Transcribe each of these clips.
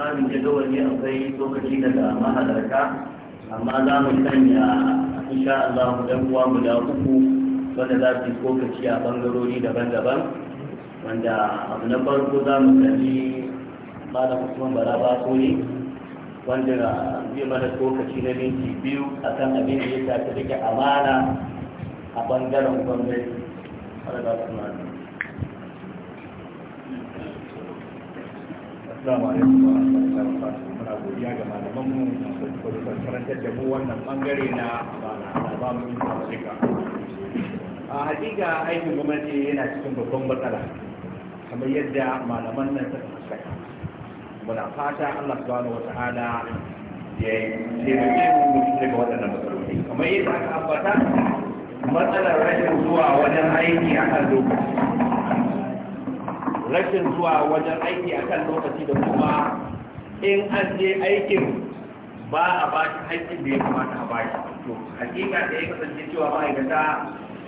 tsarin jadawali akwai lokaci daga mahalarta amma za mu sanya insha Allah mu dan uwa da uku wanda za su lokaci a bangarori daban-daban wanda abu na farko za mu kalli malam Usman Bala Basoli wanda zai mana lokaci na minti biyu a kan abin da ya shafi rike amana a bangaren gwamnati. Allah ba su Assalamu alaikum wa rahmatullahi wa barakatuh. Muna godiya ga malaman mu da karantar da mu wannan bangare na ba mu yi Afirka. A hakika aikin gwamnati yana cikin babban matsala kamar yadda malaman nan suka fuskanta. Muna fata Allah subhanahu wata'ala ya taimake mu mu daga waɗannan matsaloli. Kamar yadda aka ambata matsalar rashin zuwa wajen aiki a kan lokaci. rashin zuwa wajen aiki a kan lokaci da kuma in an je aikin ba a ba shi haƙƙin da ya kamata a ba shi to hakika da ya kasance cewa ma'aikata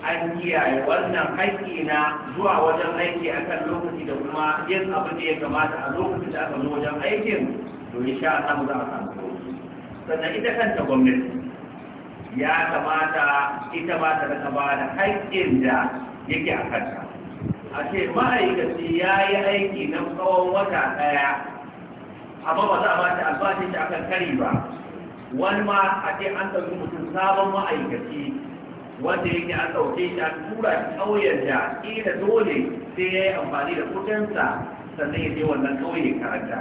an kiyaye wannan haƙƙi na zuwa wajen aiki a kan lokaci da kuma yin abin da ya kamata a lokacin da aka zo wajen aikin to insha samu za a samu sannan ita kanta gwamnati ya kamata ita ba ta raka ba da haƙƙin da yake a kanta a ce ma'aikaci ya yi aiki na tsawon wata ɗaya amma ba za a bata albashin shi akan kari ba wani ma a ce an ɗauki mutum sabon ma'aikaci wanda yake an ɗauke shi an tura shi ƙauyen da ƙila dole sai ya yi amfani da kudinsa sannan ya je wannan ƙauye karanta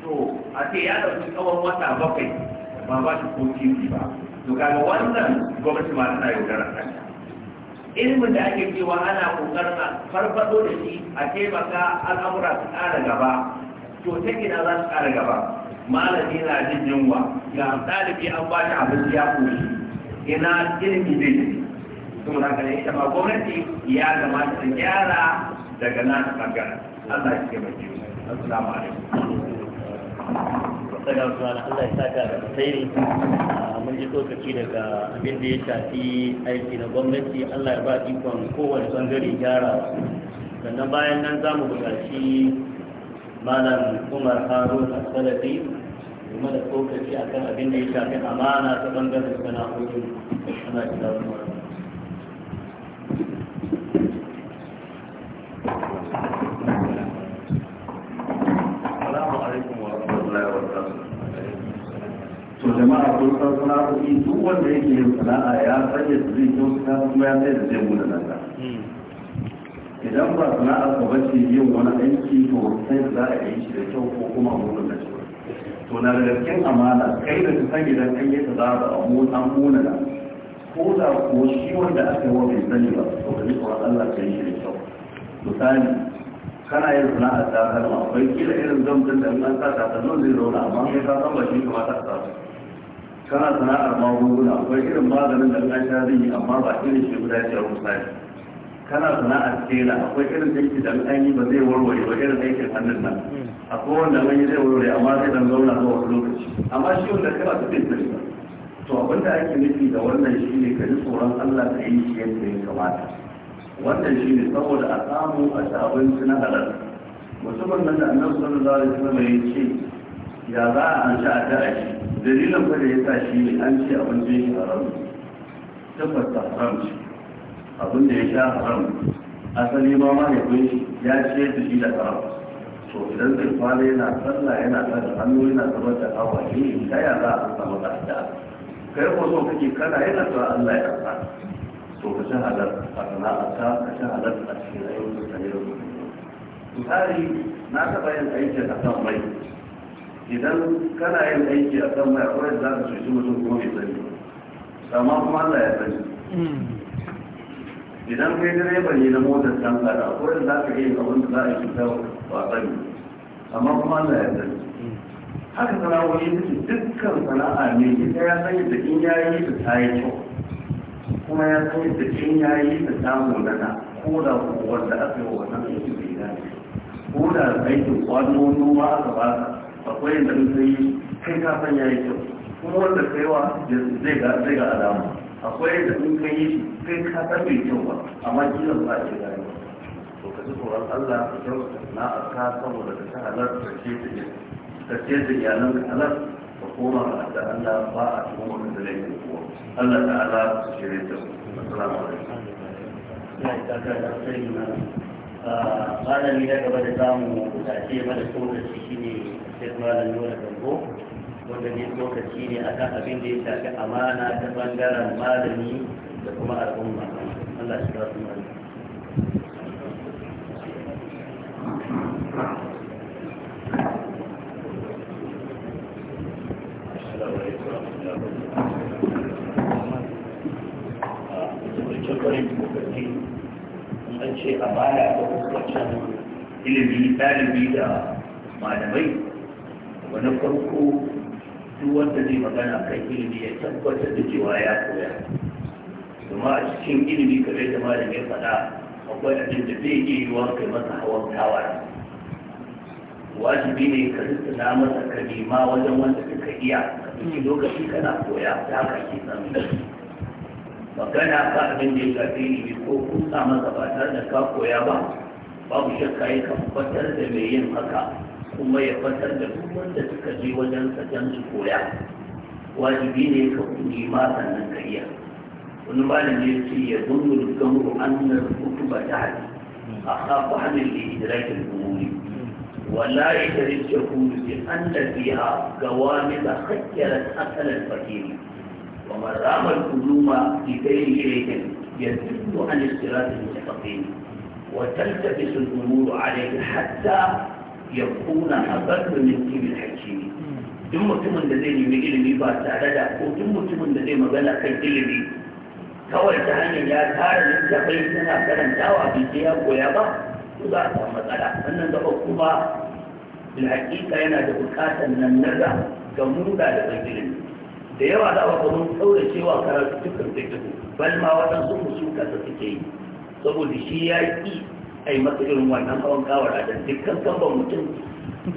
to a ce ya ɗauki tsawon wata bakwai ba ba shi ko ba to kaga wannan gwamnati ma tana yaudarar kanta ilmin da ake cewa ana kokarta farfado da shi a taimaka al'amura su ƙara gaba to ta ina za su ƙara gaba malami na jin yunwa ga ɗalibi an ba shi abinci ya koshi ina ilimi zai yi kuma za ka ita ma gwamnati ya kamata ta gyara daga nan ɓangaren Allah ya mai assalamu alaikum sana usman Allah ya saka da alkhairi ah, mun ji tsokaci daga abin da ya shafi aiki na gwamnati Allah ya ba ikon kowane bangare gyara sannan bayan nan za mu buƙaci malam umar harun asalafi game da tsokaci akan abin da ya shafi amana ta bangaren sana'o'i ana shiga wani jama'a kun san sana'o'i duk wanda yake yin sana'a ya sanya su zai kyau ta kuma ya sai da zai mu da idan ba ko ba ce yin wani aiki to sai za a yi shi da kyau ko kuma a mutu da shi to na da gaskiyar amana kai da ka san idan kai yi ta za a mu an muna da ko da ko shi wanda aka yi wa bai sani ba to ka ji tsoron Allah ka yi shi da kyau misali kana yin sana'ar takalma akwai kila irin zamtin da in an sa nan zai zauna amma sai ka san ba shi kamata a sa kana sana'ar magunguna akwai irin maganin da ka sha zai yi amma ba irin shi guda ce a misali kana sana'ar tela akwai irin aiki da an yi ba zai warware ba irin aikin hannun nan akwai wanda an yi zai warware amma zai dan zauna zuwa wani lokaci amma shi wanda kana ta bai sani to abin da ake nufi da wannan shi ne ka ji tsoron Allah ka yi shi yadda ya kamata wannan shi ne saboda a samu a ci abinci na halal musamman nan da annabi sallallahu alaihi wasallam ya ce ya za a an sha a ta a shi dalilin da ya sa shi an ce da ya haram tabbata haram shi abin da ya sha haram asali ma ma ya kun shi ya ce da shi da haram to idan zai kwana yana sallah yana sa hannu yana zama da hawa ne ta ya za a samu da kai ko so kake kana yana sa Allah ya sa to ka ci halar a sana'arta ka ci halar a cikin ayyukan da kuma rubuta misali na taɓa yin aikin a kan mai idan kana yin aiki a kan mai akwai za ka cuci mutum kuma bai sani amma kuma Allah ya sani hmm. idan kai direba ne na motar can kada akwai za ka yi abin da za a yi ta ba sani amma kuma Allah ya sani hmm. haka sana'o'i suke dukkan sana'a ne ita ya sanya da in ya yi ta ta yi kyau kuma ya sanya da in ya yi ta ta munana ko da kuwa da aka yi wa wannan aiki bai dace ko da aikin kwano noma aka ba ka. akwai yadda in yi kai ka san yi kyau kuma wanda kai wa zai ga alama akwai yadda in kai kai ka san bai kyau ba amma kila ba a ce ba to ka ji tsoron Allah ka kyau na aka saboda ka ta halar ka ce ta ka ce iyalan ka halar ka koma da Allah ba a kuma da da laifin kuwa Allah ala su shirin ta assalamu alaikum ba ita ga da sai na ah, malami na gaba da samu kusace mana tsoron shi ne shek malam nuna gambo wanda ne lokaci ne a kan abin da ya shafi amana ta bangaren malami da kuma al'umma allah shi ba su malami ce a baya ga kusurcin ilimi ɗalibi da malamai abu farko duk wanda zai magana kan ilimi ya tabbatar da cewa ya koya kuma a cikin ilimi zama da malam ya faɗa akwai abin da zai iya yiwuwa kai masa hawan tawara wajibi ne ka na masa ka nema wajen wanda suka iya a lokaci kana koya ta haka ke samun magana ka abin da ya shafi ilimi ko kusa masa ba tare da ka koya ba babu shakka ya kan da mai yin haka kuma ya fatar da duk wanda suka je wajen sajan su koya wajibi ne ka kuɗi ma sannan ka iya wani malami ya ce ya zungul gamru annar ba ta hadi a kafa hannun da idrakin umuri wala ya tarin ce kudu ce an da biya ga wani da hakkiyarar asalin fakiri wa maramar kuluma bi gairi shekin ya zungu an istiratin mutafafini وتلتبس الأمور عليه حتى ya kuna haɓar da minti hakimi duk mutumin da zai nemi ilimi ba tare da ko duk mutumin da zai magana kan ilimi kawai ta hanyar ya tara littafai tana karantawa bai ya koya ba ko za a samu matsala wannan gaba kuma bil hakika yana da bukatar nan naga ga muda da ban ilimi da yawa za a mun cewa karatu dukkan fikihu bal ma waɗansu musu da suke yi saboda shi ya ƙi Ai masu irin wannan hawan kawar a jan dukkan mutum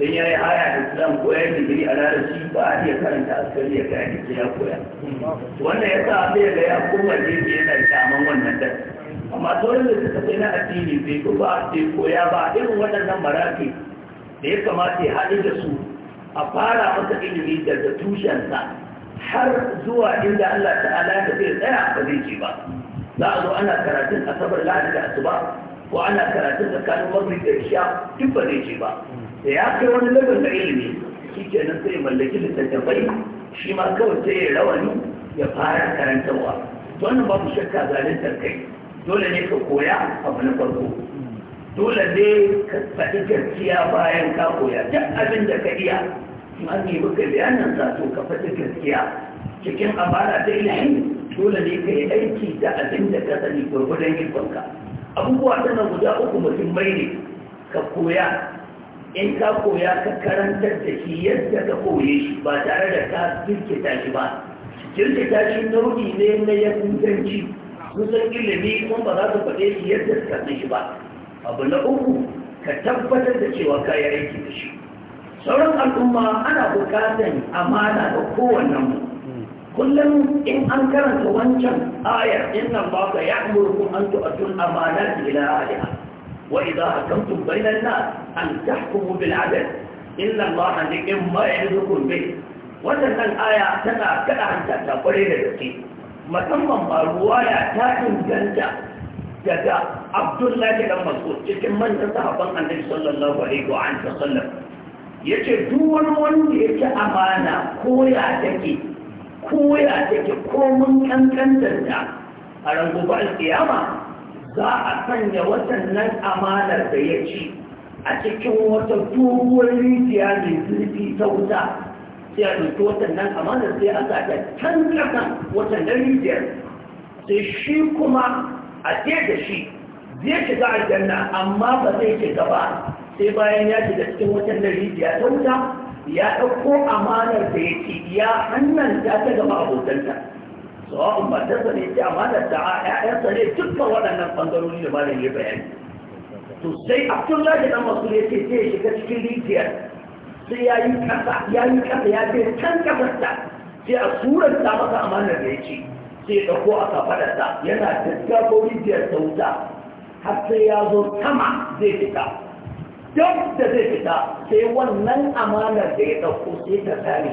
don ya yi haya da islam ko ya yi digiri a shi ba a iya karanta askari ya kaya da ya koya wannan ya sa sai ga ya koma jeji yana shaman wannan dan amma sauran da suka sai na addini bai ko ba sai koya ba irin waɗannan maraƙi da ya kamata ya haɗu da su a fara masa ilimi daga tushensa har zuwa inda Allah ta'ala da zai tsaya ba zai ce ba za a zo ana karatun asabar lahadi da asuba ko ana karatu tsakanin mafi da isha duk ba zai ce ba da ya kai wani labar da ilimi shi kenan sai mallaki littattafai shi ma kawai sai ya rawani ya fara karantarwa wannan babu shakka zalintar kai dole ne ka koya abu na farko dole ne ka faɗi gaskiya bayan ka koya duk abin da ka iya ma ne muka bayanin sa to ka faɗi gaskiya cikin amara ta ilimi dole ne ka yi aiki da abin da ka sani gwargwadon ikonka abubuwa tana guda uku muhimmai ne ka koya in ka koya ka karantar da shi yadda ka koye shi ba tare da ka jirkita shi ba jirkita shi nau'i ne na yahudanci kusan ilimi kuma ba za ka faɗe shi yadda ka san shi ba abu na uku ka tabbatar da cewa ka yi aiki da shi sauran al'umma ana bukatar amana ga kowannen mu kullum in an karanta wancan ayar innan ba ka ya amurku an tu'atul amanat ila ahliha wa idha hakamtum bainan nas an tahkumu bil adl inna allaha ni'ma ya'idukum bih wannan aya tana kada hanta ta kware da gaske musamman ba ya ta inganta daga abdullahi dan mas'ud cikin manyan sahabban annabi sallallahu alaihi wa sallam yace duk wani wanda yake amana ko ya take koya take komun kankantar da a rangoba alkiyama za a sanya watannan amanar da ya ci a cikin wata doguwar rijiya mai zurfi ta wuta sai a dutse watannan amanar sai a sa can watannan rijiyar sai shi kuma a ce da shi zai shiga a amma ba zai shiga ba sai bayan ya shiga cikin watannan rijiya ta wuta ya ɗauko amanar da yake ya hannun ta ta gaba abokanta sawa'un ba ta sane ce amanar ta a ƴaƴansa ne dukkan waɗannan ɓangarori da malam ya bayani to sai abdullahi dan masu ne ce shiga cikin rijiyar sai ya yi ƙasa ya yi ƙasa ya ce can ƙasarta sai a ta masa amanar da ya ce sai ya ɗauko a kafaɗarsa yana daddafo rijiyar sauta har sai ya zo sama zai fita duk da zai fita sai wannan amanar da ya ɗauko sai ta tsari,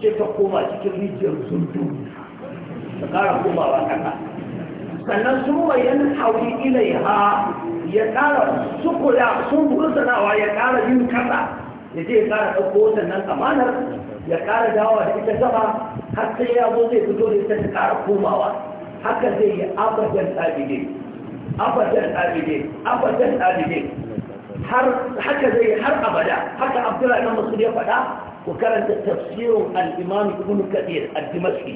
sai ta koma cikin rijiyar zundu ta ƙara komawa ƙasa sannan sun wayan hauri ha, ya ƙara sukula sun gursanawa ya ƙara yin kasa ya ce ya ƙara ɗauko wannan amanar ya ƙara dawa da ita gaba har sai ya zo zai fito da ita ta ƙara komawa haka zai yi abadan ne abadan ɗabide abadan ɗabide har haka zai har abada haka abdullahi ibn mas'ud ya faɗa ku karanta tafsirin al-imam ibn kathir ad-dimashqi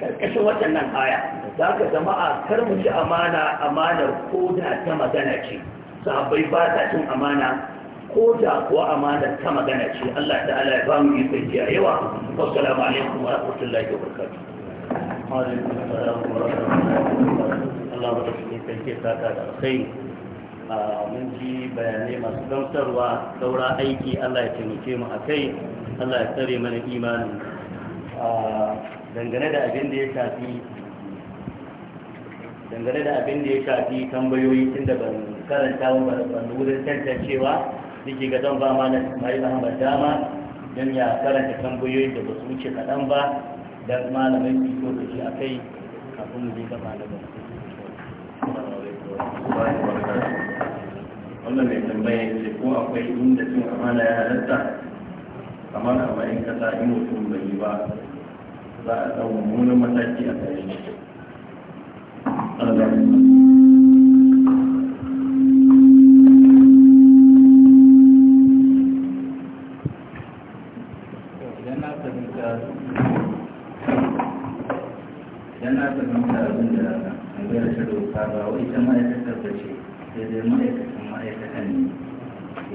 karkashin waɗannan aya da haka jama'a kar mu ci amana amanar ko da ta magana ce sahabbai ba ta cin amana ko da kuwa amana ta magana ce Allah ta'ala ya ba mu ikon yawa wassalamu alaikum wa rahmatullahi wa barakatuh Allah ba ta cikin sarki sata da alkhairi mun ji bayanai masu gamsarwa saura aiki Allah ya taimake mu akai Allah ya tsare mana imanin dangane da abin da ya shafi dangane da abin da ya shafi tambayoyi tun da ban karanta ban wurin tantancewa nake ga zan ba malam Ismail Ahmad dama don ya karanta tambayoyin da ba su wuce kaɗan ba don malamai su da shi akai kafin mu je ga malamai. Thank you. wannan mai tambaya ce ko akwai inda cin amana ya halatta kamar a bayan kasa in mutum bai ba za a ɗau mummunan mataki a kare abin da gara ba wai ita ma ya sai dai ma'aikatan ma'aikatan ne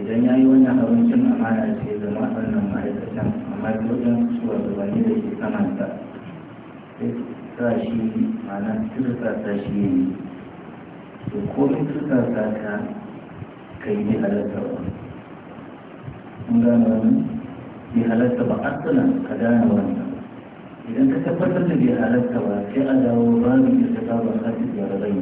idan ya yi wannan abincin amana sai zama wannan ma'aikatan amma wajen suwa gabani da ke samanta sai sa shi mana tursa ta shi ne to ko in tursa ta ka yi bi halatta ba kun gane wani bi halatta ba asalan ka gane wannan idan ka tabbatar da bai halatta ba sai a dawo babin da ta saba hadis ya rabai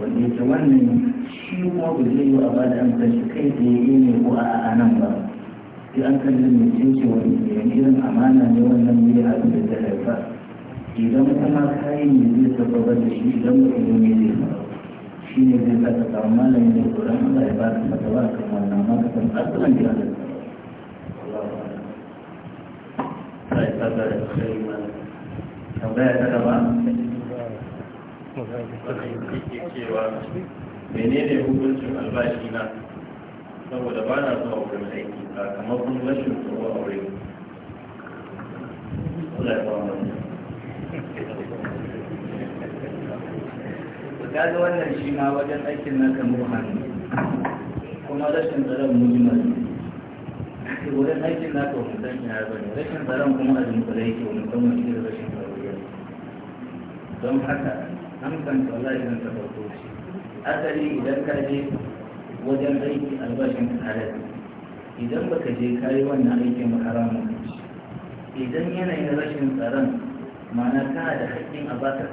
wanda yake wannan shi kuma ba zai yi a bada an kai da ya ne ko a a ba sai an kalli mai irin amana ne wannan ne a da idan kuma kayan ne zai sababa da shi idan ba ido ne zai shi ne zai da ba ka kan wannan ma ka san da tambaya ta gaba menene hukuncin albashi na saboda ba na zuwa wurin aiki kamar kun rashin tsoro a wurin ga ga wannan shi ma wajen aikin na kan hannu kuma rashin tsaron mujimar wurin aikin na kan zan ya bane rashin tsaron kuma a jimkwa da yake wani kuma shi da rashin tsaron don haka an kan tsalla idan ta farko shi asali idan ka je wajen aiki albashin halal idan baka je kayi wannan aikin haramun idan yanayin rashin tsaron ma'ana kana da haƙƙin a baka